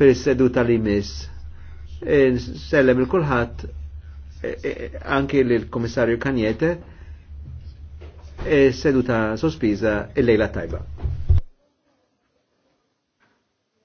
fil-seduta li mis. E, Sellem il-kulħat e, e, anki l-Komissarju Kanjete seduta sospiza il-lejla tajba.